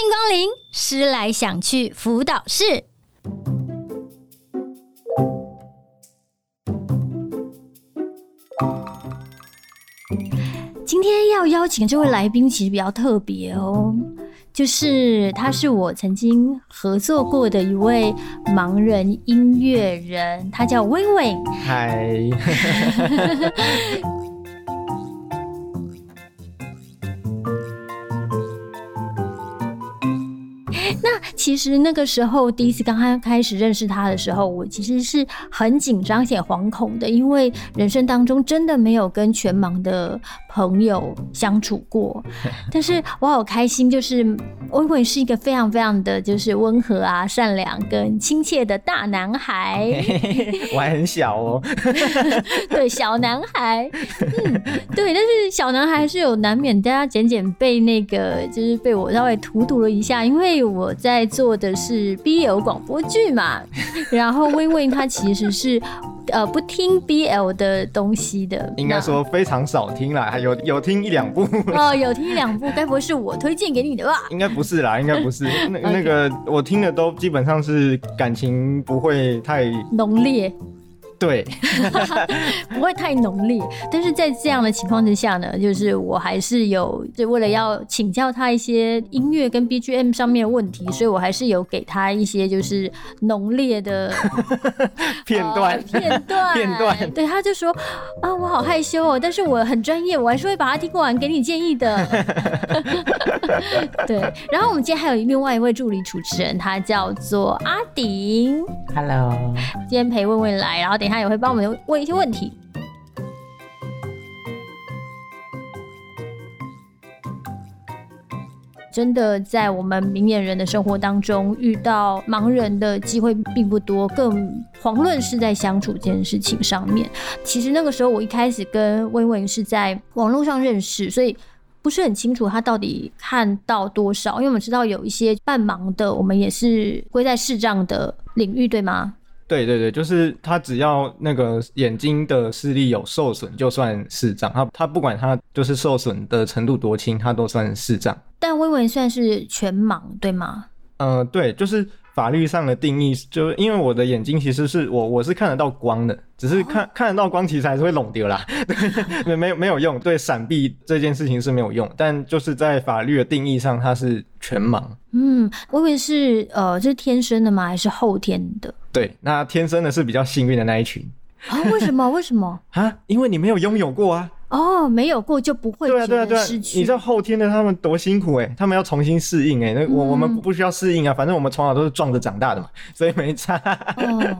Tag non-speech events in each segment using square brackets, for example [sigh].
歡迎光臨，獅來想去腐導室。今天要邀請這位來賓，其實比較特別哦，就是他是我曾經合作過的一位盲人音樂人，他叫 Weng weng。嗨。 [laughs] 其實那個時候第一次剛剛開始認識他的時候，我其實是很緊張且惶恐的，因為人生當中真的沒有跟全盲的朋友相處過。但是我好開心，就是 Weng weng 是一個非常非常的就是溫和啊、善良跟親切的大男孩。Okay, 我還很小哦， [laughs] 對，小男孩，嗯，對，但是小男孩是有難免大家簡簡被那個，就是被我稍微荼毒了一下，因為我在。在做的是 BL 廣播劇嘛， [laughs] 然後 Weng weng 他其實是， [laughs] 呃，不聽 BL 的東西的，應該說非常少聽啦，還有有聽一兩部，哦，有聽一兩部，該 [laughs] 不會是我推薦給你的吧？應該不是啦，應該不是，那 [laughs] ，okay. 那個我聽的都基本上是感情不會太濃烈。對 [laughs] 不會太濃烈，但是在這樣的情況之下呢，就是我還是有，就為了要請教他一些音樂跟 BGM 上面的問題，所以我還是有給他一些就是濃烈的片段、哦、片段片段，對，他就說啊、哦，我好害羞哦，但是我很專業，我還是會把它聽過完，給你建議的。 [laughs] 對，然後我們今天還有另外一位助理主持人，他叫做阿鼎，Hello，今天陪 Weng weng 來，然後等。他也會幫我們問一些問題。真的，在我們明眼人的生活當中，遇到盲人的機會並不多，更遑論是在相處這件事情上面。其實那個時候，我一開始跟 Weng weng 是在網絡上認識，所以不是很清楚他到底看到多少。因為我們知道有一些半盲的，我們也是歸在視障的領域，對嗎？對對對，就是他只要那個眼睛的視力有受損，就算視障。他他不管他就是受損的程度多輕，他都算視障。但威文算是全盲，對嗎？嗯、呃，對，就是。法律上的定義，就因為我的眼睛其實是我，我是看得到光的，只是看，看得到光，其實還是會攏掉啦，哦、對沒有，沒有用，對閃避這件事情是沒有用，但就是在法律的定義上，它是全盲。嗯，我以為是呃，這是天生的嗎？還是後天的？對，那天生的是比較幸運的那一群啊、哦？為什麼？為什麼 [laughs] 啊？因為你沒有擁有過啊。哦，沒有過就不會失去對啊對啊對，對你知道後天的他們多辛苦，誒、欸，他們要重新適應誒、欸。那我我們不需要適應啊、嗯，反正我們從小都是壯着長大的嘛，所以沒差。哦，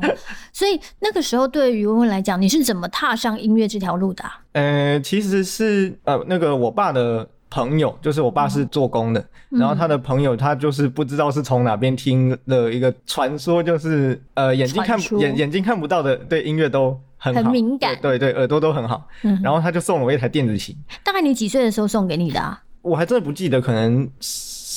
所以那個時候對於 Weng weng 來講，你是怎麼踏上音樂這條路的、啊？呃，其實是呃那個我爸的。朋友就是我爸是做工的，嗯，然後他的朋友他就是不知道是從哪邊聽了一個傳說，就是呃眼睛看眼眼睛看不到的對音樂都很好很敏感，對對，對耳朵都很好，嗯、然後他就送了我一台電子琴。嗯哼，大概你幾歲的時候送給你的，啊？我還真的不記得，可能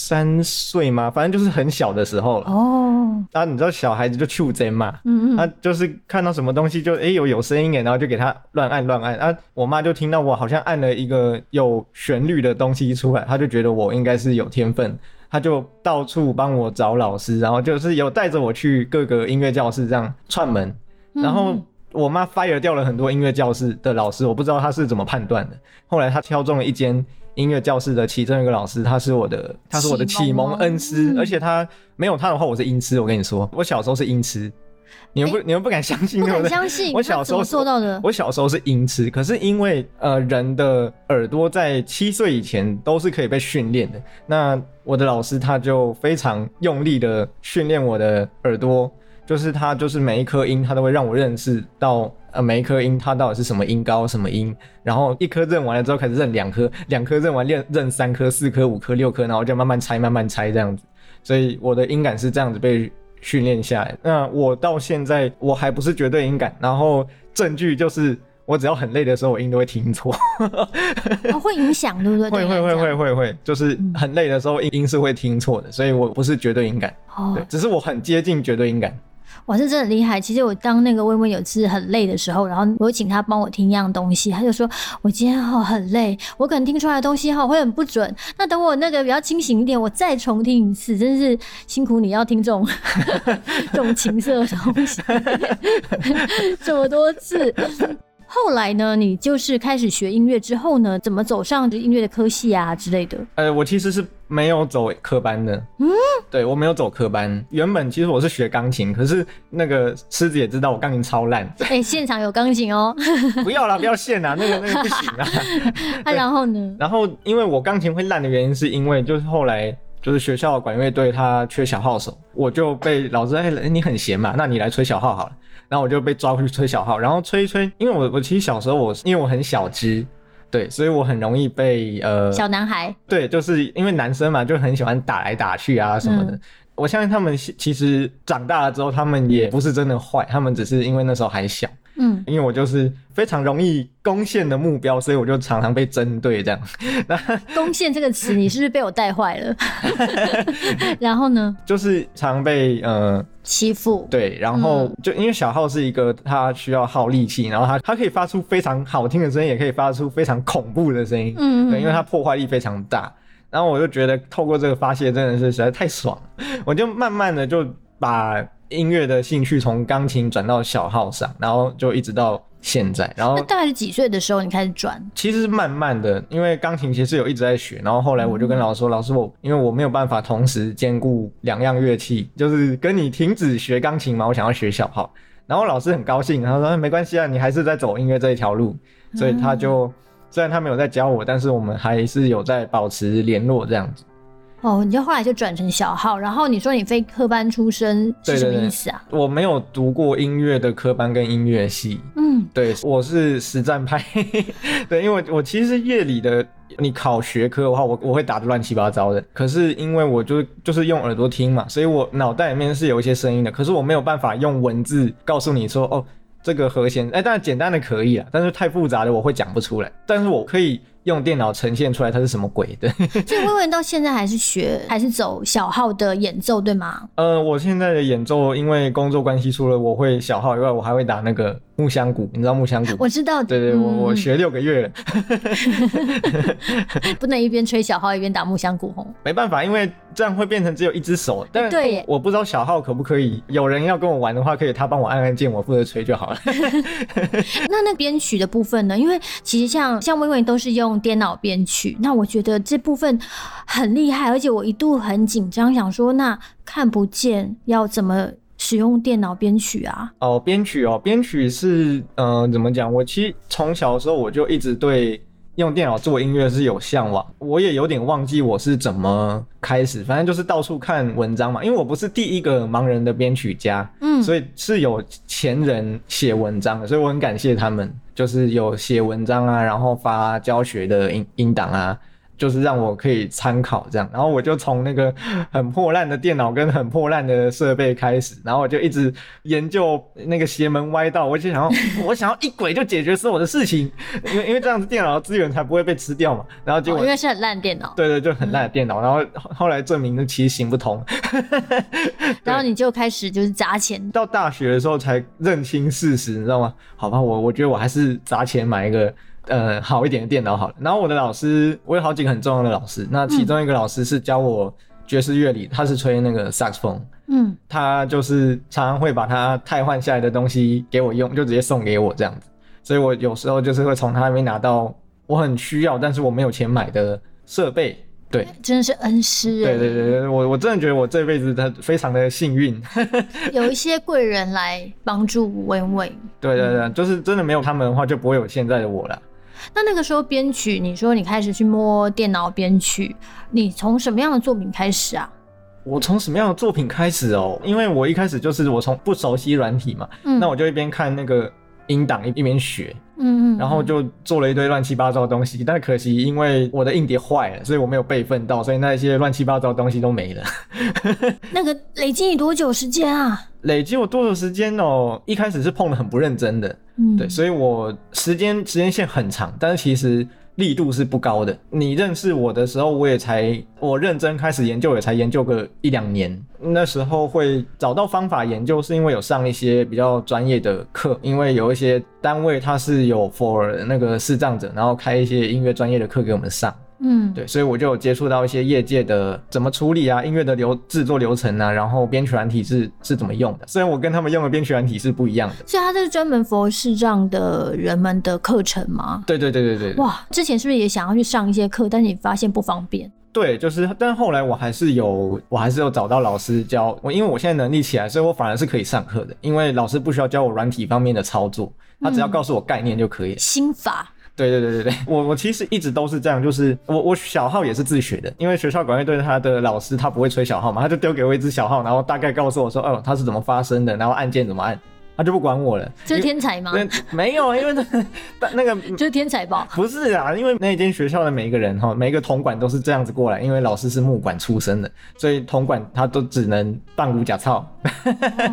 三歲嗎？反正就是很小的時候了。哦、oh.。啊，你知道小孩子就觸覺嘛？嗯嗯。他就是看到什麼東西就哎、欸、有有聲音然後就給他亂按亂按。啊，我媽就聽到我好像按了一個有旋律的東西出來，她就覺得我應該是有天分，她就到處幫我找老師，然後就是有帶着我去各個音樂教室這樣串門。Mm -hmm. 然後我媽 fire 掉了很多音樂教室的老師，我不知道她是怎麼判斷的。後來她挑中了一間。音樂教室的其中一個老師，他是我的，他是我的啟蒙恩師，嗯、而且他沒有他的話，我是音痴。我跟你說，我小時候是音痴，你們不，欸、你們不敢相信，不敢相信。對對我小時候說到的，我小時候是音痴。可是因為呃，人的耳朵在七歲以前都是可以被訓練的。那我的老師他就非常用力的訓練我的耳朵。就是他，就是每一顆音，他都會讓我認識到，呃，每一顆音它到底是什麼音高，什麼音。然後一顆認完了之後，開始認兩顆，兩顆認完練認，認三顆、四顆、五顆、六顆，然後就慢慢拆，慢慢拆這樣子。所以我的音感是這樣子被訓練下來。那我到現在我還不是絕對音感，然後證據就是我只要很累的時候，我音都會聽錯 [laughs] 、哦。會影響，對不對？會對會會會會會，就是很累的時候音，音是會聽錯的，所以我不是絕對音感，哦、只是我很接近絕對音感。我是真的厲害。其實我當那個 Weng weng 有一次很累的時候，然後我請他幫我聽一樣東西，他就說我今天好很累，我可能聽出來的東西好會很不準。那等我那個比較清醒一點，我再重聽一次，真的是辛苦你要聽這種 [laughs] 這種情色的東西， [laughs] 這麼多次。後來呢，你就是開始學音樂之後呢，怎麼走上音樂的科系啊之類的？呃，我其實是沒有走科班的。嗯。對，我沒有走科班，原本，其實我是學鋼琴，可是那個獅子也知道我鋼琴超爛，哎、欸，現場有鋼琴哦？ [laughs] 不要啦，不要現啊，那個那個不行啦 [laughs] 啊。然後呢？然後因為我鋼琴會爛的原因，是因為就是後來就是學校的管樂隊他缺小號手，我就被老師哎、欸欸，你很閒嘛，那你來吹小號好了。然後我就被抓回去吹小號，然後吹一吹，因為我我其實小時候我是因為我很小只。對，所以我很容易被呃小男孩。對，就是因為男生嘛，就很喜歡打來打去啊什麼的。嗯，我相信他們其實長大了之後，他們也不是真的壞，嗯，他們只是因為那時候還小。嗯，因為我就是非常容易攻陷的目標，所以我就常常被針對這樣。 [laughs] 攻陷這個詞，你是不是被我帶壞了？ [laughs] [laughs] 然後呢？就是常被呃欺負。對，然後就因為小號是一個，它需要耗力氣，然後它它可以發出非常好聽的聲音，也可以發出非常恐怖的聲音。嗯，嗯對，因為它破壞力非常大。然後我就覺得透過這個發洩，真的是實在太爽了。我就慢慢的就。把音樂的興趣從鋼琴轉到小號上，然後就一直到現在。然後大概是幾歲的時候你開始轉？其實是慢慢的，因為鋼琴其實有一直在學，然後後來我就跟老師說：“嗯嗯，老師我，我因為我沒有辦法同時兼顧兩樣樂器，就是跟你停止學鋼琴嘛，我想要學小號。”然後老師很高興，他說：“沒關係啊，你還是在走音樂這一條路。”所以他就雖然他沒有在教我，但是我們還是有在保持聯絡這樣子。哦、oh，你就後來就轉成小號。然後你說你非科班出身是什麼意思啊？對對對，我沒有讀過音樂的科班跟音樂系，嗯，對，我是實戰派， [laughs] 對，因為我其實是樂理的，你考學科的話，我我會打得亂七八糟的。可是因為我就就是用耳朵聽嘛，所以我腦袋裡面是有一些聲音的，可是我沒有辦法用文字告訴你說，哦，這個和弦，哎、欸，當然簡單的可以啊，但是太複雜的我會講不出來，但是我可以。用電腦呈現出來，它是什麼鬼的？ [laughs] 所以薇薇到現在還是學，還是走小號的演奏，對嗎？呃，我現在的演奏因為工作關係，除了我會小號以外，我還會打那個木箱鼓，你知道木箱鼓？我知道。對對，對，我、嗯、我學六個月了。 [laughs] [laughs] 不能一邊吹小號一邊打木箱鼓，紅。沒辦法，因為這樣會變成只有一隻手。但對、嗯，我不知道小號可不可以。有人要跟我玩的話，可以他幫我按按鍵，我負責吹就好了。 [laughs] [laughs] 那那編曲的部分呢？因為其實像像薇薇都是用。電腦編曲，那我覺得這部分很厲害，而且我一度很緊張，想說那看不見要怎麼使用電腦編曲啊？哦，編曲哦，編曲是嗯、呃，怎麼講？我其實從小的時候我就一直對。用電腦做音樂是有嚮往，我也有點忘記我是怎麼開始，反正就是到處看文章嘛。因為我不是第一個盲人的編曲家，嗯，所以是有前人寫文章的，所以我很感謝他們，就是有寫文章啊，然後發教學的音，音檔啊。就是讓我可以參考這樣，然後我就從那個很破爛的電腦跟很破爛的設備開始，然後我就一直研究那個邪門歪道，我就想要， [laughs] 我想要一軌就解決所有的事情，因為因為這樣子電腦的資源才不會被吃掉嘛。然後結果、哦、因為是很爛電腦，對，對對，就很爛的電腦，嗯。然後後來證明那其實行不通 [laughs] 然後你就開始就是砸錢。到大學的時候才認清事實，你知道嗎？好吧，我我覺得我還是砸錢買一個。呃，好一點的電腦好了。然後我的老師，我有好幾個很重要的老師。那其中一個老師是教我爵士樂理、嗯，他是吹那個薩克斯風。嗯，他就是常常會把他汰換下來的東西給我用，就直接送給我這樣子。所以我有時候就是會從他那邊拿到我很需要，但是我沒有錢買的設備。對，真的是恩師。對對對對，我我真的覺得我這輩子他非常的幸運， [laughs] 有一些貴人來幫助 Weng weng。對對對、嗯，就是真的沒有他們的話，就不會有現在的我了。那那個時候編曲，你說你開始去摸電腦編曲，你從什麼樣的作品開始啊？我從什麼樣的作品開始哦、喔？因為我一開始就是我從不熟悉軟體嘛、嗯，那我就一邊看那個音檔，一一邊學。然後就做了一堆亂七八糟的東西，但是可惜因為我的硬碟壞了，所以我沒有備份到，所以那些亂七八糟的東西都沒了。 [laughs] 那個累積你多久時間啊？累積我多久時間哦？一開始是碰得很不認真的、嗯，對，所以我時間時間線很長，但是其實。力度是不高的。你認識我的時候，我也才，我認真開始研究，也才研究個一兩年。那時候會找到方法研究，是因為有上一些比較專業的課，因為有一些單位它是有 for 那個視障者，然後開一些音樂專業的課給我們上。嗯，對，所以我就有接觸到一些業界的怎麼處理啊，音樂的流制作流程啊，然後編曲軟體是是怎麼用的。雖然我跟他們用的編曲軟體是不一樣的，所以它這是專門佛事這樣的人們的課程嗎？對,對對對對對。哇，之前是不是也想要去上一些課，但是你發現不方便？對，就是，但後來我還是有，我還是有找到老師教我，因為我現在能力起來，所以我反而是可以上課的，因為老師不需要教我軟體方面的操作，他只要告訴我概念就可以了。嗯，心法。對對對對對，我我其實一直都是這樣，就是我我小號也是自學的，因為學校管樂隊他的老師他不會吹小號嘛，他就丟給我一支小號，然後大概告訴我說，哦，它是怎麼發聲的，然後按鍵怎麼按，他就不管我了。這是天才嗎？沒有，因為那 [laughs] [laughs] 那個就是天才吧？不是啊，因為那間學校的每一個人哈，每一個銅管都是這樣子過來，因為老師是木管出身的，所以銅管他都只能半五假操。 [laughs] oh.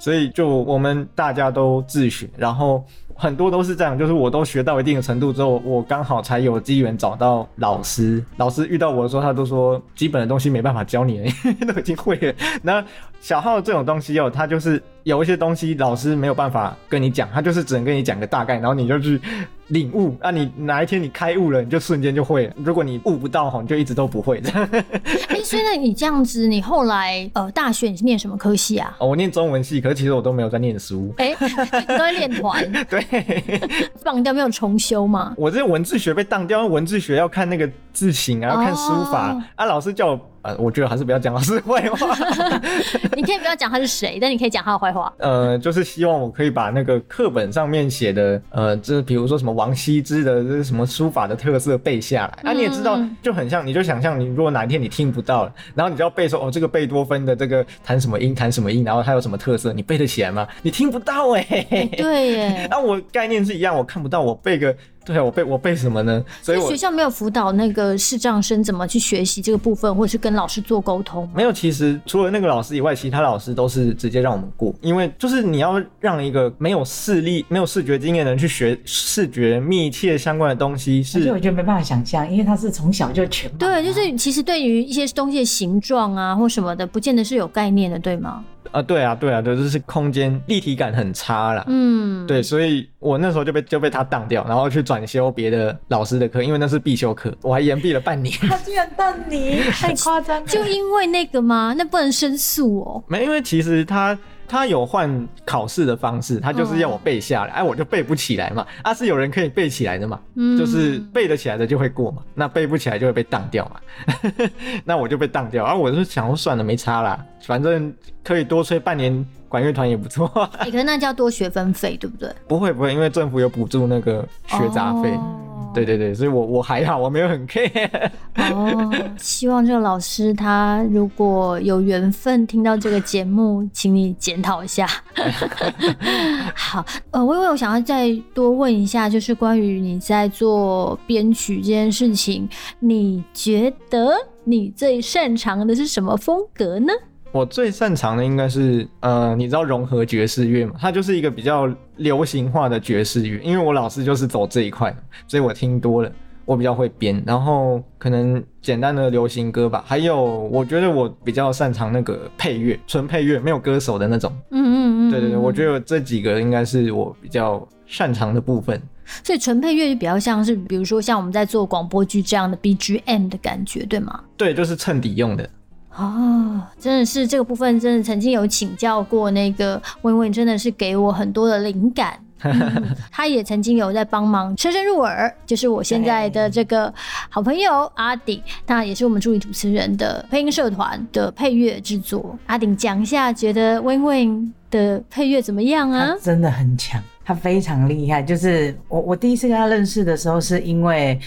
所以就我們大家都自學，然後。很多都是這樣，就是我都學到一定的程度之後，我剛好才有機緣找到老師。老師遇到我的時候，他都說基本的東西沒辦法教你了， [laughs] 都已經會了。那小號這種東西哦，他就是有一些東西老師沒有辦法跟你講，他就是只能跟你講個大概，然後你就去領悟。那、啊、你哪一天你開悟了，你就瞬間就會了。如果你悟不到哈，你就一直都不會的。哎 [laughs] 欸，所以你這樣子，你後來呃大學你是念什麼科系啊？哦，我念中文系，可是其實我都沒有在念書。哎 [laughs] 欸，都在練團。 [laughs] 對。嘿嘿嘿，放掉沒有重修嘛？我這文字學被當掉，因為文字學要看那個字形啊，要看書法、哦、啊，老師叫我。呃，我覺得還是不要講老師壞話 [laughs] 你可以不要講他是誰， [laughs] 但你可以講他的壞話。呃，就是希望我可以把那個課本上面寫的，呃，就是比如說什麼王羲之的，這、就是什麼書法的特色背下來。那、嗯啊、你也知道，就很像，你就想象你如果哪一天你聽不到了，然後你就要背說哦，這個貝多芬的這個彈什麼音，彈什麼音，然後他有什麼特色，你背得起來嗎？你聽不到誒、欸欸。對耶。啊，我概念是一樣，我看不到，我背個。對啊，我背我背什麼呢？所以，所以學校沒有輔導那個視障生怎麼去學習這個部分，或者是跟老師做溝通？沒有，其實除了那個老師以外，其他老師都是直接讓我們過，因為就是你要讓一個沒有視力、沒有視覺經驗的人去學視覺密切相關的東西是，而且我覺得沒辦法想象。因為他是從小就全盲啊、對，就是其實對於一些東西的形狀啊或什麼的，不見得是有概念的，對嗎？啊，對啊，對啊，就是空間立體感很差啦。嗯，對，所以我那時候就被就被他當掉，然後去轉修別的老師的課，因為那是必修課，我還延畢了半年。他居然當你， [laughs] 太誇張了就。就因為那個嗎？那不能申訴哦。沒，因為其實他他有換考試的方式，他就是要我背下來，哎、嗯啊，我就背不起來嘛。啊，是有人可以背起來的嘛？嗯，就是背得起來的就會過嘛，那背不起來就會被當掉嘛。 [laughs] 那我就被當掉，然、啊、後我就想說，算了，沒差啦。反正可以多吹半年管樂團也不錯、欸。你可能那就要多學分費，對不對？不會不會，因為政府有補助那個學雜費。Oh. 對對對，所以我我還好，我沒有很 care。哦，希望這個老師他如果有緣分聽到這個節目， [laughs] 請你檢討一下。 [laughs] 好，呃，Weng weng，我想要再多問一下，就是關於你在做編曲這件事情，你覺得你最擅長的是什麼風格呢？我最擅長的應該是，呃，你知道融合爵士樂嗎？它就是一個比較流行化的爵士樂，因為我老師就是走這一塊，所以我聽多了，我比較會編。然後可能簡單的流行歌吧，還有我覺得我比較擅長那個配樂，純配樂，沒有歌手的那種。嗯嗯嗯，嗯，對對對，我覺得這幾個應該是我比較擅長的部分。所以純配樂就比較像是，比如說像我們在做廣播劇這樣的 BGM 的感覺，對嗎？對，就是襯底用的。哦，真的是這個部分，真的曾經有請教過那個 Weng weng，真的是給我很多的靈感、 [laughs] 嗯。他也曾經有在幫忙聲聲入耳，就是我現在的這個好朋友阿鼎。那也是我們助理主持人的配音社團的配樂製作。阿鼎講一下，覺得 Weng weng 的配樂怎麼樣啊？他真的很強，他非常厲害。就是我我第一次跟他認識的時候，是因為。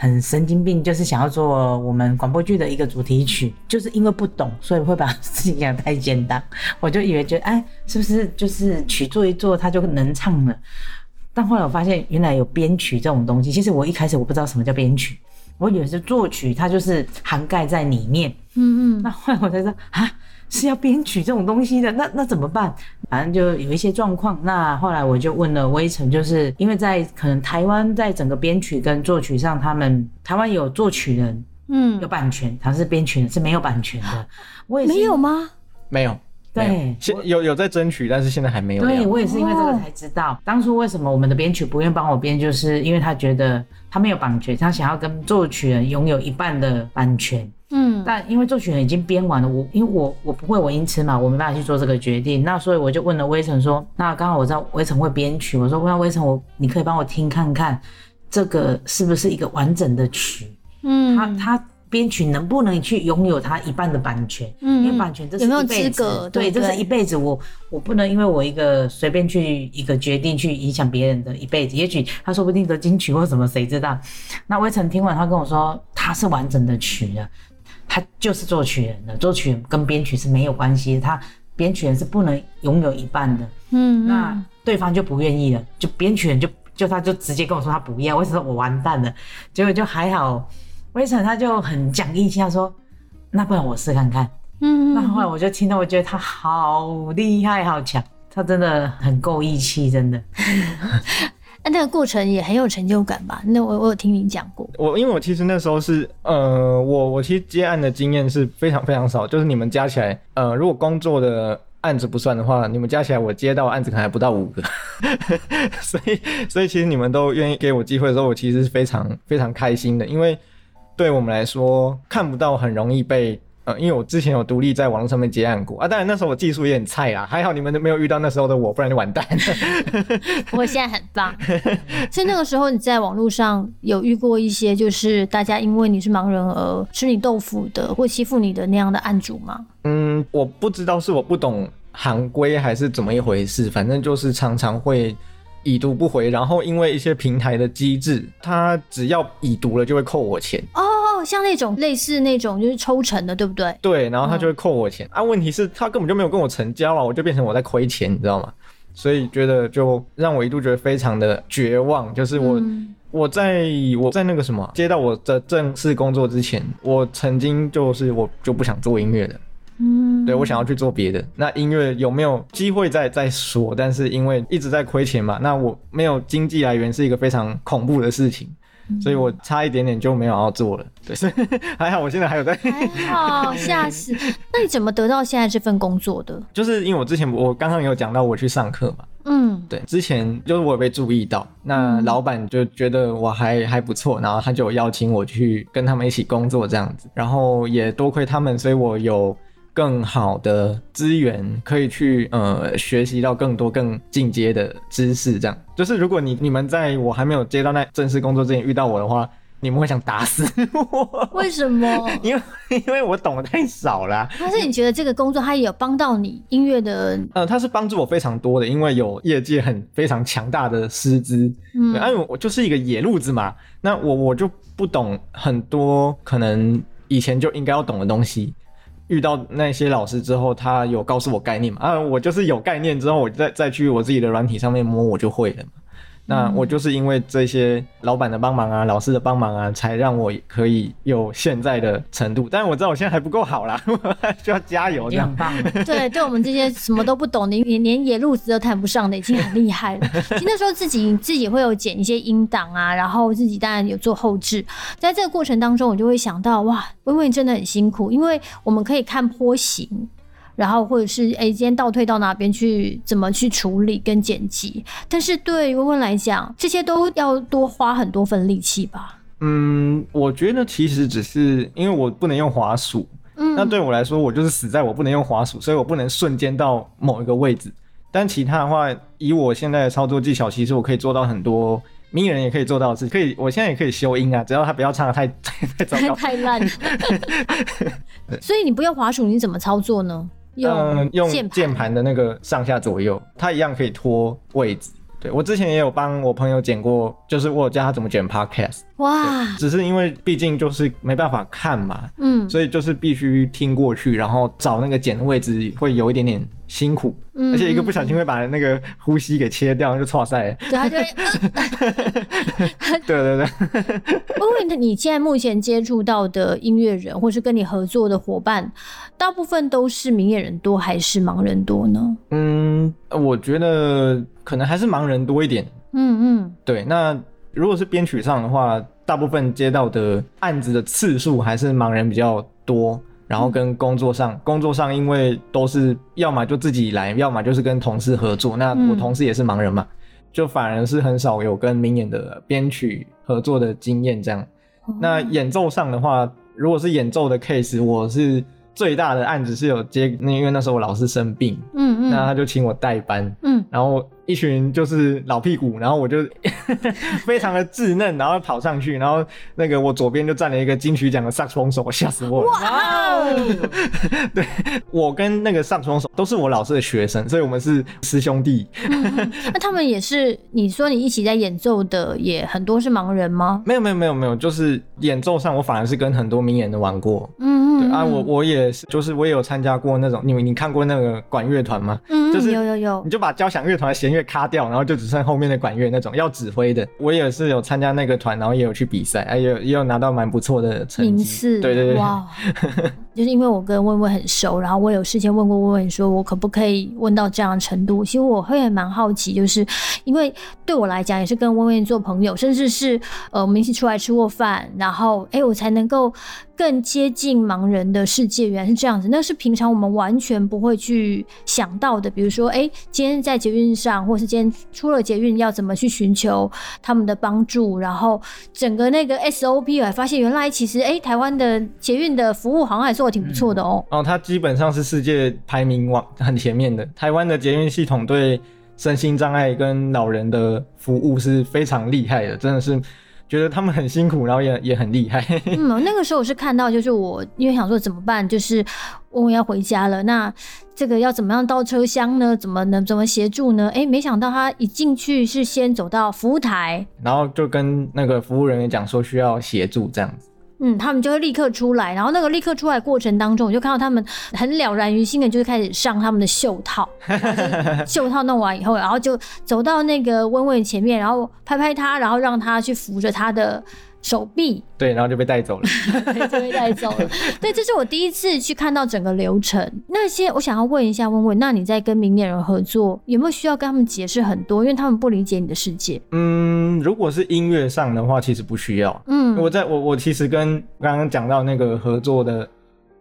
很神經病，就是想要做我們廣播劇的一個主題曲，就是因為不懂，所以會把事情講得太簡單。我就以為覺得，哎，是不是就是曲做一做他就能唱了？但後來我發現，原來有編曲這種東西。其實我一開始我不知道什麼叫編曲，我以為是作曲，它就是涵蓋在裡面。嗯嗯，那後來我才說啊。是要編曲這種東西的，那那怎麼辦？反正就有一些狀況。那後來我就問了微塵，就是因為在可能台灣在整個編曲跟作曲上，他們台灣有作曲人，嗯，有版權，他是編曲人，是沒有版權的。我、啊、也沒有嗎？沒有。對，現有有在爭取，但是現在還沒有。對，我也是因為這個才知道，當初為什麼我們的編曲不願意幫我編，就是因為他覺得他沒有版權，他想要跟作曲人擁有一半的版權。嗯，但因為作曲人已經編完了，我因為我我不會我音痴嘛，我沒辦法去做這個決定。那所以我就問了威臣說，那剛好我知道威臣會編曲，我說那威臣我你可以幫我聽看看，這個是不是一個完整的曲？嗯，他他。編曲能不能去擁有他一半的版權？嗯，因為版權這是一輩子。對，這是一輩子，我我不能因為我一個隨便去一個決定去影響別人的一輩子。也許他說不定得金曲或什麼，誰知道？那微塵聽完，他跟我說他是完整的曲了，他就是作曲人了。作曲人跟編曲是沒有關係，他編曲人是不能擁有一半的。嗯，那對方就不願意了，就編曲人就就他就直接跟我說他不要，為什麼？我完蛋了。結果就還好。威臣他就很講義氣，他說：“那不然我試看看。”嗯，那後來我就聽到，我覺得他好厲害，好強，他真的很夠義氣，真的。 [laughs] [laughs] 那個過程也很有成就感吧？那我我有聽你講過。我因為我其實那時候是呃，我我其實接案的經驗是非常非常少，就是你們加起來，呃，如果工作的案子不算的話，你們加起來我接到案子可能還不到五個， [laughs] 所以所以其實你們都願意給我機會的時候，我其實是非常非常開心的，因為。對我們來說看不到很容易被呃，因為我之前有獨立在網絡上面接案過啊，當然那時候我技術也很菜啊，還好你們都沒有遇到那時候的我，不然就完蛋了。不 [laughs] 過現在很棒， [laughs] 所以那個時候你在網絡上有遇過一些就是大家因為你是盲人而吃你豆腐的，或欺負你的那樣的案主嗎？嗯，我不知道是我不懂行規還是怎麼一回事，反正就是常常會。已讀不回，然後因為一些平台的機制，他只要已讀了就會扣我錢哦，像那種類似那種就是抽成的，對不對？對，然後他就會扣我錢。嗯、啊，問題是，他根本就沒有跟我成交啊，我就變成我在虧錢，你知道嗎？所以覺得就讓我一度覺得非常的絕望，就是我、嗯、我在我在那個什麼接到我的正式工作之前，我曾經就是我就不想做音樂的。對，我想要去做別的，那音樂有沒有機會再再說？但是因為一直在虧錢嘛，那我沒有經濟來源是一個非常恐怖的事情。嗯，所以我差一點點就沒有要做了。對，所以還好我現在還有在。還好，嚇 [laughs] 死！那你怎麼得到現在這份工作的？就是因為我之前我剛剛也有講到我去上課嘛，嗯，對，之前就是我有被注意到，那老闆就覺得我還還不錯，然後他就邀請我去跟他們一起工作這樣子，然後也多虧他們，所以我有。更好的資源可以去呃學習到更多更進階的知識。這樣就是如果你你們在我還沒有接到那正式工作之前遇到我的話，你們會想打死我。為什麼？因為因為我懂得太少啦。但是你覺得這個工作它也有幫到你音樂的？呃，它是幫助我非常多的，因為有業界很非常強大的師資。嗯，因為我就是一個野路子嘛，那我我就不懂很多可能以前就應該要懂的東西。遇到那些老師之後，他有告訴我概念嘛，啊，我就是有概念之後，我再再去我自己的軟體上面摸，我就會了嘛。那我就是因為這些老闆的幫忙啊，老師的幫忙啊，才讓我可以有現在的程度。但是我知道我現在還不夠好啦，就要加油這樣吧，棒 [laughs] 對，對我們這些什麼都不懂的，連野路子都談不上的，已經很厲害了。其實那時候自己自己，會有剪一些音檔啊，然後自己當然有做後製。在這個過程當中，我就會想到哇，Weng weng 真的很辛苦，因為我們可以看波形。然後或者是哎，今天倒退到哪邊去，怎麼去處理跟剪輯？但是對溫溫來講，這些都要多花很多份力氣吧？嗯，我覺得其實只是因為我不能用滑鼠。嗯，那對我來說，我就是死在我不能用滑鼠，所以我不能瞬間到某一個位置。但其他的話，以我現在的操作技巧，其實我可以做到很多，名人也可以做到的事。可以，我現在也可以修音啊，只要他不要唱的太太糟糕，太爛。 [laughs] [laughs] 所以你不用滑鼠，你怎麼操作呢？嗯、呃，用鍵盤的那個上下左右，它一樣可以拖位置。對，我之前也有幫我朋友剪過，就是我有教他怎麼剪 podcast 哇。哇，只是因為畢竟就是沒辦法看嘛，嗯，所以就是必須聽過去，然後找那個剪的位置會有一點點。辛苦，而且一個不小心會把那個呼吸給切掉，嗯嗯，就錯塞。對，他就。呃、 [laughs] [laughs] 對對對。哦，你你現在目前接觸到的音樂人，或是跟你合作的夥伴，大部分都是明眼人多，還是盲人多呢？嗯，我覺得可能還是盲人多一點。嗯嗯。對，那如果是編曲上的話，大部分接到的案子的次數還是盲人比較多。然後跟工作上，工作上因為都是要麼就自己來，要麼就是跟同事合作。那我同事也是盲人嘛、嗯，就反而是很少有跟明眼的編曲合作的經驗。這樣哦哦，那演奏上的話，如果是演奏的 case，我是最大的案子是有接那，因為那時候我老師生病，嗯嗯，那他就請我代班，嗯，然後。一群就是老屁股，然後我就 [laughs] 非常的稚嫩， [laughs] 然後跑上去，然後那個我左邊就站了一個金曲獎的薩克斯手，嚇死我了。哇、wow! [laughs] ！對，我跟那個薩克斯手都是我老師的學生，所以我們是師兄弟。 [laughs] mm -hmm. 那他們也是？你說你一起在演奏的也很多是盲人嗎？ [laughs] 沒有沒有沒有沒有，就是演奏上我反而是跟很多明眼的玩過。嗯、mm、嗯 -hmm. 啊，我我也是，就是我也有參加過那種，你你看過那個管樂團嗎？嗯、mm -hmm.，就是有有有，你就把交響樂團的弦樂。被卡掉，然後就只剩後面的管樂那種要指揮的。我也是有參加那個團，然後也有去比賽，哎，也有拿到蠻不錯的名次。對對對，wow. [laughs] 就是因為我跟 Weng weng 很熟，然後我有事先問過 Weng weng，說我可不可以問到這樣的程度？其實我會蠻好奇，就是因為對我來講也是跟 Weng weng 做朋友，甚至是呃我們一起出來吃過飯，然後哎、欸，我才能夠。更接近盲人的世界，原來是這樣子，那是平常我們完全不會去想到的。比如說，哎，今天在捷運上，或是今天出了捷運要怎麼去尋求他們的幫助，然後整個那個 SOP，我還發現原來其實哎，台灣的捷運的服務好像還做得挺不錯的哦、嗯。哦，它基本上是世界排名往很前面的，台灣的捷運系統對身心障礙跟老人的服務是非常厲害的，真的是。覺得他們很辛苦，然後也也很厲害。 [laughs] 嗯，那個時候我是看到，就是我因為想說怎麼辦，就是問我、哦、要回家了，那這個要怎麼樣到車廂呢？怎麼能怎麼協助呢？誒、欸，沒想到他一進去是先走到服務台，然後就跟那個服務人員講說需要協助這樣子。嗯，他們就會立刻出來，然後那個立刻出來過程當中，我就看到他們很了然於心的，就是開始上他們的袖套，袖套弄完以後，然後就走到那個溫溫前面，然後拍拍他，然後讓他去扶着他的。手臂對，然後就被帶走了， [laughs] 對就被帶走了。對，這是我第一次去看到整個流程。 [laughs] 那些我想要問一下，問問，那你在跟明眼人合作，有沒有需要跟他們解釋很多，因為他們不理解你的世界？嗯，如果是音樂上的話，其實不需要。嗯，我在我我其實跟剛剛講到那個合作的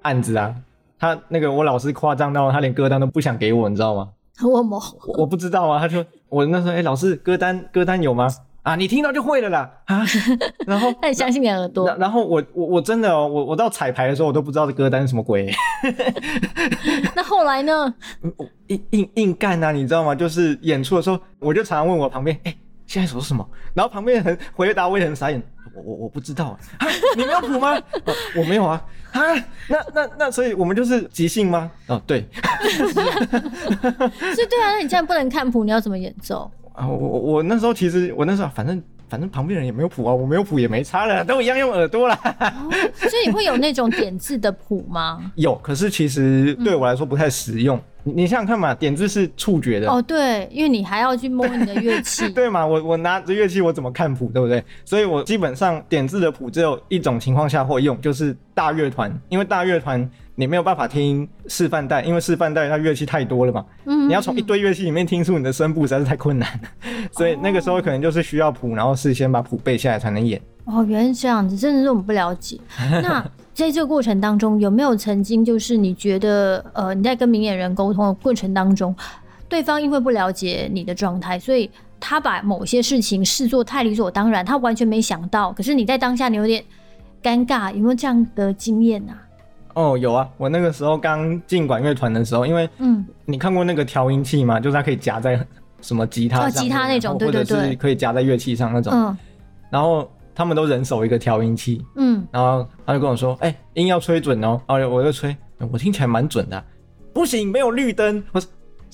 案子啊，他那個我老師誇張到他連歌單都不想給我，你知道嗎？我懵，我不知道啊。他說我那時候哎、欸，老師歌單歌單有嗎？啊，你聽到就會了啦啊！然後很 [laughs] 相信你耳朵、啊。然後我我我真的、喔、我我到彩排的時候，我都不知道這歌單是什麼鬼。 [laughs] 那後來呢？硬硬硬幹啊，你知道嗎？就是演出的時候，我就常常問我旁邊，哎、欸，現在說什麼？然後旁邊人回答，我也很傻眼，我我我不知道啊！你沒有譜嗎、？ [laughs] 啊？我沒有啊！啊，那那那，那所以我們就是即興嗎？哦、啊，對。 [laughs] [laughs] 所以對啊，那你現在不能看譜，你要怎麼演奏？啊，我我那時候其實我那時候反正反正，旁邊人也沒有譜啊，我沒有譜也沒差了，都一樣用耳朵啦。哦，所以你會有那種點字的譜嗎？ [laughs] 有，可是其實對我來說不太實用。嗯。你想想看嘛，點字是觸覺的哦，對，因為你還要去摸你的樂器 [laughs] 是，對嘛？我我拿着樂器，我怎麼看譜，對不對？所以我基本上點字的譜只有一種情況下會用，就是大樂團，因為大樂團你沒有辦法聽示範帶，因為示範帶它樂器太多了嘛，嗯，嗯，你要從一堆樂器裡面聽出你的聲部實在是太困難，嗯嗯，所以那個時候可能就是需要譜，然後事先把譜背下來才能演。哦，原來是這樣子，真的是我們不了解。 [laughs] 那在這個過程當中，有沒有曾經就是你覺得，呃，你在跟明眼人溝通的過程當中，對方因為不了解你的狀態，所以他把某些事情視作太理所當然，他完全沒想到。可是你在當下你有點尷尬，有沒有這樣的經驗啊？哦，有啊，我那個時候剛進管樂團的時候，因為嗯，你看過那個調音器嗎？就是它可以夾在什麼吉他、哦？吉他那種，對對對，可以夾在樂器上那種。嗯，然後。對對對，然後他們都人手一個調音器，嗯，然後他就跟我說：“哎、欸，音要吹準哦、喔。”然後我就吹，我聽起來蠻準的、啊。不行，沒有綠燈，不是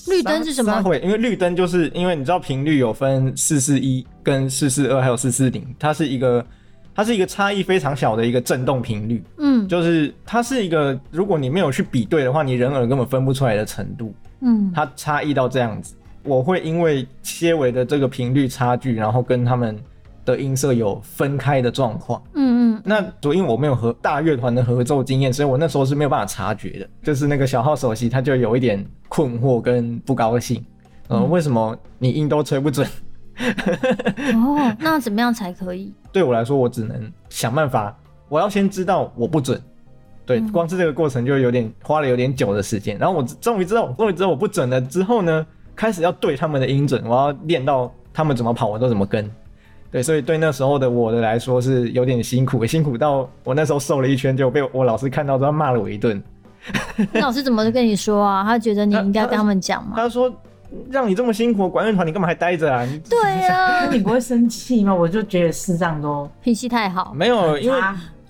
綠燈是什麼？它會因為綠燈就是因為你知道頻率有分四四一跟四四二還有四四零，它是一個它是一個差異非常小的一個震動頻率，嗯，就是它是一個如果你沒有去比對的話，你人耳根本分不出來的程度，嗯，它差異到這樣子，我會因為些微的這個頻率差距，然後跟他們。的音色有分開的狀況，嗯嗯，那主要因為我沒有和大樂團的合作經驗，所以我那時候是沒有辦法察覺的。就是那個小號首席他就有一點困惑跟不高興，嗯，呃、為什麼你音都吹不準？ [laughs] 哦，那怎麼樣才可以？ [laughs] 對我來說，我只能想辦法。我要先知道我不準，對，嗯、光是這個過程就有點花了有點久的時間。然後我終於知道，終於知道我不準了之後呢，開始要對他們的音準，我要練到他們怎麼跑我都怎麼跟。對，所以對那時候的我的來說是有點辛苦，辛苦到我那時候瘦了一圈就被我老師看到，就要罵了我一頓。那 [laughs] 老師怎麼跟你說啊？他覺得你應該跟他們講嘛、啊啊。他說：“讓你這麼辛苦，管樂團你幹嘛還待着啊？”對啊， [laughs] 你不會生氣嗎？我就覺得是這樣的，脾氣太好。沒有，因為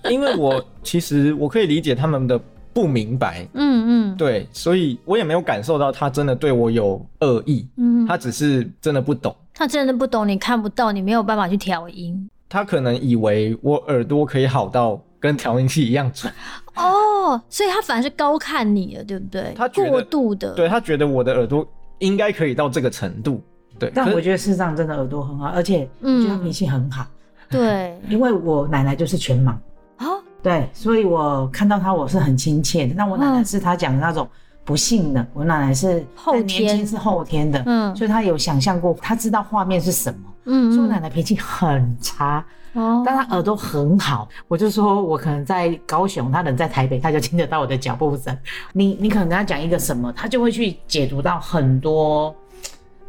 [laughs] 因為我其實我可以理解他們的不明白。 [laughs] 嗯嗯。對，所以我也沒有感受到他真的對我有惡意。嗯。他只是真的不懂。他真的不懂，你看不到你，你沒有辦法去調音。他可能以為我耳朵可以好到跟調音器一樣準。哦、 [laughs] oh,，所以他反而是高看你了，對不對？他覺得過度的，對，他覺得我的耳朵應該可以到這個程度。對，但我覺得事實上真的耳朵很好，而且嗯，覺得他脾氣很好。嗯、 [laughs] 對，因為我奶奶就是全盲啊，對，所以我看到他我是很親切的。那我奶奶是他講的那種。嗯不幸的，我奶奶是後天，天是後天的後天，嗯，所以她有想象過，她知道畫面是什麼。嗯，嗯，所以我奶奶脾氣很差，哦，但她耳朵很好。我就說我可能在高雄，她人在台北，她就聽得到我的腳步聲。你你可能跟她講一個什麼，她就會去解讀到很多。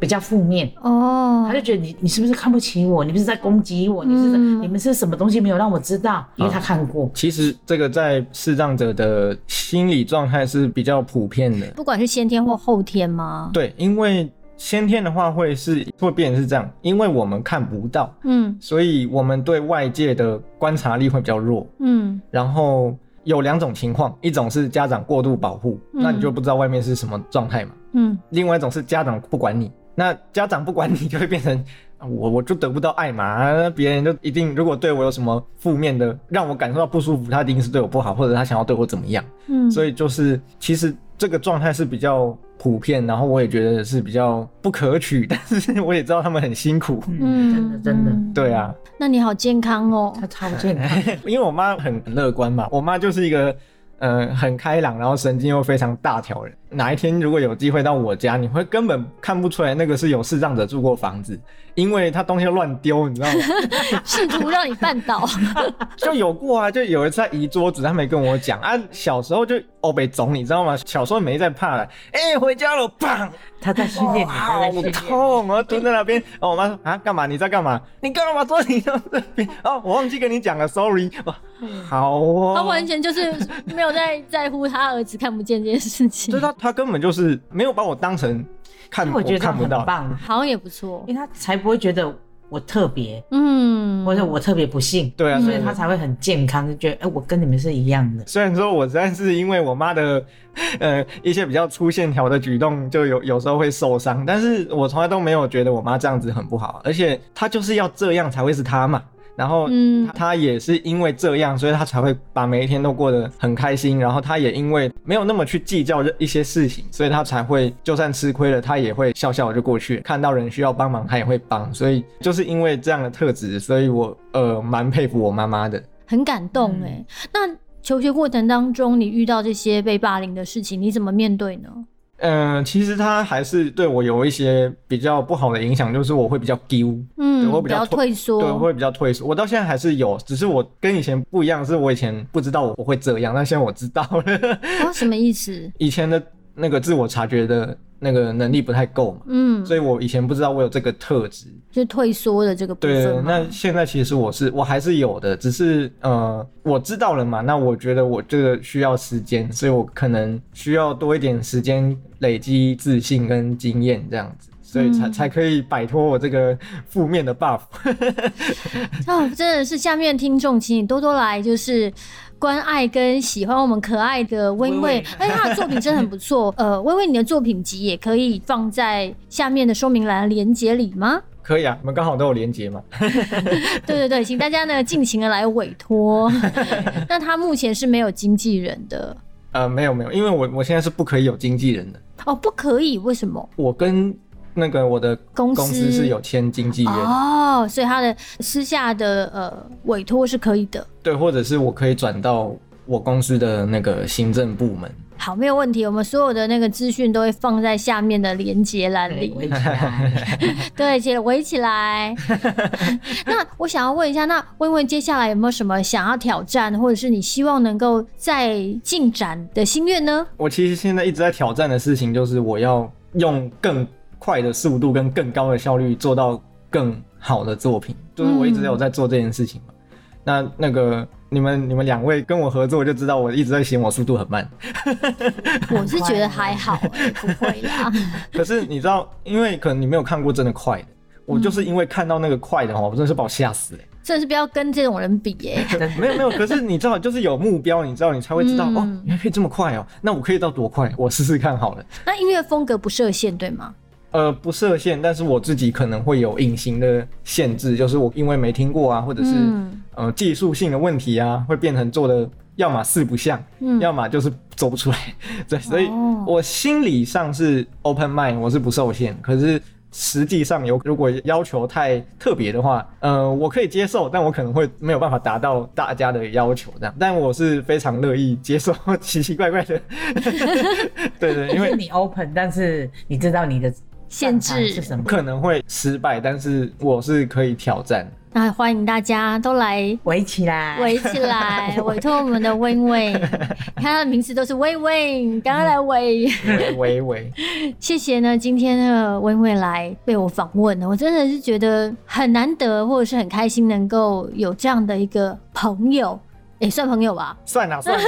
比較負面哦，他就覺得你你是不是看不起我？你不是在攻擊我，嗯？你是你們是什麼東西沒有讓我知道？因為他看過，啊、其實這個在視障者的心理狀態是比較普遍的，不管是先天或後天嗎？對，因為先天的話會是會變成是這樣，因為我們看不到，嗯，所以我們對外界的觀察力會比較弱，嗯，然後有兩種情況，一種是家長過度保護，嗯，那你就不知道外面是什麼狀態嘛，嗯，另外一種是家長不管你。那家長不管你就會變成我，我就得不到愛嘛。別人就一定如果對我有什麼負面的，讓我感受到不舒服，他一定是對我不好，或者他想要對我怎麼樣。嗯，所以就是其實這個狀態是比較普遍，然後我也覺得是比較不可取，但是我也知道他們很辛苦。嗯，真的真的，對啊。那你好健康哦，他超健康。 [laughs] 因為我媽很樂觀嘛，我媽就是一個嗯、呃、很開朗，然後神經又非常大條人。哪一天如果有機會到我家，你會根本看不出來那個是有視障者住過房子，因為他東西亂丟，你知道嗎？試 [laughs] 圖讓你絆倒 [laughs] 就有過啊，就有一次他移桌子，他沒跟我講 [laughs] 啊。小時候就歐、哦、北總，你知道嗎？小時候沒在怕的，哎、欸，回家了，棒。他在訓練、哦，他在訓練。痛、哦，我痛、啊、蹲在那邊。 [laughs] 哦，我媽說啊，幹嘛？你在幹嘛？你幹嘛把桌子移到這邊？哦，我忘記跟你講了，sorry。哇好啊、哦。他完全就是沒有在在乎他兒子看不見這件事情。 [laughs] 他根本就是沒有把我當成看不到，他我覺得他很棒，好也不錯，因為他才不會覺得我特別，嗯，或者我特別不幸。對啊，所以他才會很健康，就、嗯、覺得哎、欸，我跟你們是一樣的。雖然說我算是因為我媽的，呃，一些比較粗線條的舉動，就有有時候會受傷，但是我從來都沒有覺得我媽這樣子很不好，而且她就是要這樣才會是他嘛。然後他也是因為這樣、嗯，所以他才會把每一天都過得很開心。然後他也因為沒有那麼去計較一些事情，所以他才會就算吃虧了，他也會笑笑我就過去，看到人需要幫忙，他也會幫。所以就是因為這樣的特質，所以我呃蠻佩服我媽媽的，很感動哎、欸嗯。那求學過程當中，你遇到這些被霸凌的事情，你怎麼面對呢？嗯、呃，其實他還是對我有一些比較不好的影響，就是我會比較丟，嗯，我比，比較退縮，對，會比較退縮。我到現在還是有，只是我跟以前不一樣，是我以前不知道我會這樣，但現在我知道了。啊， [laughs] 什麼意思？以前的那個自我察覺的，那個能力不太夠嘛，嗯，所以我以前不知道我有這個特質，就退縮的這個部分。對，那現在其實我是，我還是有的，只是呃，我知道了嘛。那我覺得我這個需要時間，所以我可能需要多一點時間累積自信跟經驗這樣子，所以才、嗯、才可以擺脫我這個負面的 buff [laughs] 哦。真的是下面聽眾，請你多多來，就是。關愛跟喜歡我們可愛的 Weng weng。而且他的作品真的很不錯。 [laughs] 呃，Weng weng，你的作品集也可以放在下面的說明欄連接裡嗎？可以啊，我們剛好都有連接嘛。 [laughs] [laughs] 對對對，請大家呢盡情的來委託。 [laughs] 那他目前是沒有經紀人的。呃，沒有沒有，因為我我現在是不可以有經紀人的。哦，不可以？為什麼？我跟那個我的公司是有簽經紀約哦，oh, 所以他的私下的呃委托是可以的。對，或者是我可以轉到我公司的那個行政部門。好，沒有問題，我們所有的那個資訊都會放在下面的連接欄裡。圍、嗯、起來， [laughs] [laughs] [laughs] 對，姐圍起來。 [laughs] [laughs] 那我想要問一下，那問問接下來有沒有什麼想要挑戰，或者是你希望能夠再進展的心願呢？我其實現在一直在挑戰的事情，就是我要用更。快的速度跟更高的效率，做到更好的作品，就是我一直有在做這件事情嘛。嗯、那那個你們你們兩位跟我合作，我就知道我一直在嫌我速度很慢。我是覺得還好、欸，不會啦。可是你知道，因為可能你沒有看過真的快的，嗯、我就是因為看到那個快的話，我真的是把我嚇死了、欸。真的是不要跟這種人比哎、欸。 [laughs] 沒有沒有，可是你知道，就是有目標，你知道你才會知道、嗯、哦，你可以這麼快哦，那我可以到多快？我試試看好了。那音樂風格不設限對嗎？呃，不設限，但是我自己可能會有隱形的限制，就是我因為沒聽過啊，或者是、嗯、呃技術性的問題啊，會變成做的要麼四不像，嗯、要麼就是走不出來。對、哦，所以我心理上是 open mind，我是不受限，可是實際上有如果要求太特別的話，呃，我可以接受，但我可能會沒有辦法達到大家的要求這樣，但我是非常樂意接受奇奇怪怪的。 [laughs] [laughs] 對，對對，因為你 open，但是你知道你的。限制、啊、可能會失敗，但是我是可以挑戰。那、啊、歡迎大家都來圍起來，圍起來，委 [laughs] 托我，我們的威威， [laughs] 看他的名字都是威威，趕快來圍。威、嗯、威， [laughs] 謝謝呢，今天呢，威威來被我訪問，我真的是覺得很難得，或者是很開心能夠有這樣的一個朋友。也、欸、算朋友吧，算啦，算啦，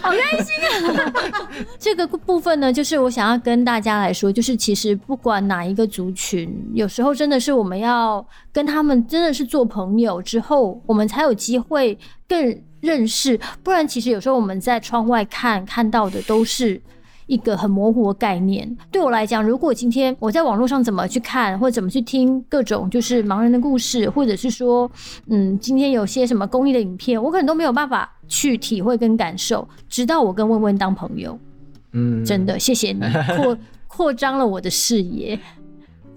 好開心啊！這個部分呢，就是我想要跟大家來說，就是其實不管哪一個族群，有時候真的是我們要跟他們真的是做朋友之後，我們才有機會更認識。不然，其實有時候我們在窗外看看到的都是。一個很模糊的概念，對我來講，如果今天我在網絡上怎麼去看，或者怎麼去聽各種就是盲人的故事，或者是說，嗯，今天有些什麼公益的影片，我可能都沒有辦法去體會跟感受，直到我跟溫溫當朋友，嗯，真的謝謝你 [laughs] 擴擴張了我的視野。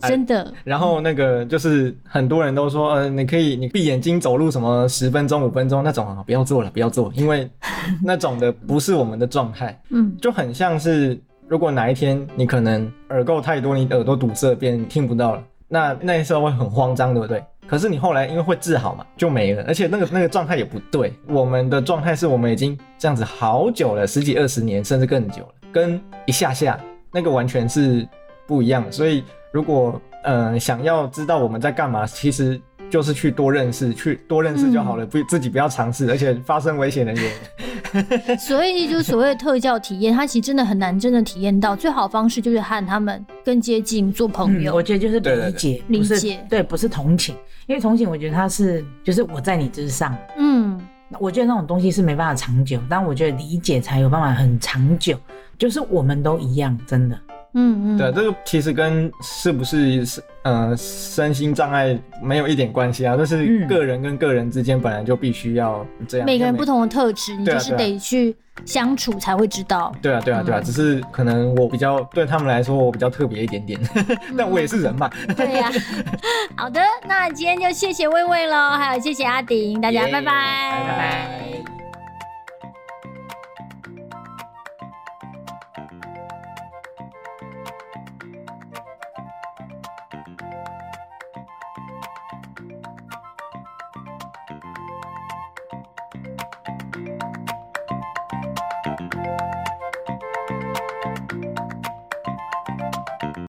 哎、真的，然後那個就是很多人都說，嗯、呃，你可以你閉眼睛走路什麼十分鐘五分鐘那種啊，不要做了，不要做了，因為 [laughs] [laughs] 那種的不是我們的狀態，嗯，就很像是如果哪一天你可能耳垢太多，你耳朵堵塞變聽不到了，那那時候會很慌張，對不對？可是你後來因為會治好嘛，就沒了，而且那個那個狀態也不對，我們的狀態是我們已經這樣子好久了，十幾二十年甚至更久了，跟一下下那個完全是不一樣的，所以。如果嗯、呃、想要知道我們在幹嘛，其實就是去多認識，去多認識就好了。嗯、不自己不要嘗試，而且發生危險的人。所以就是所謂的特教體驗，它 [laughs] 其實真的很難，真的體驗到。最好的方式就是和他們更接近，做朋友。嗯、我覺得就是理解，對對對，理解，對，不是同情。因為同情，我覺得它是就是我在你之上。嗯，我覺得那種東西是沒辦法長久。但我覺得理解才有辦法很長久。就是我們都一樣，真的。嗯嗯，對，這個其實跟是不是嗯、呃、身心障礙沒有一點關係啊。但、嗯、是個人跟個人之間本來就必須要這樣，每個人不同的特質，啊，你就是得去相處才會知道。對啊對啊，對啊、嗯、對、啊、對、啊對啊，只是可能我比較對他們來說我比較特別一點點， [laughs] 但我也是人嘛。嗯、 [laughs] 對呀、啊。好的，那今天就謝謝魏魏嘍，還有謝謝阿鼎，大家拜拜，拜、yeah, 拜。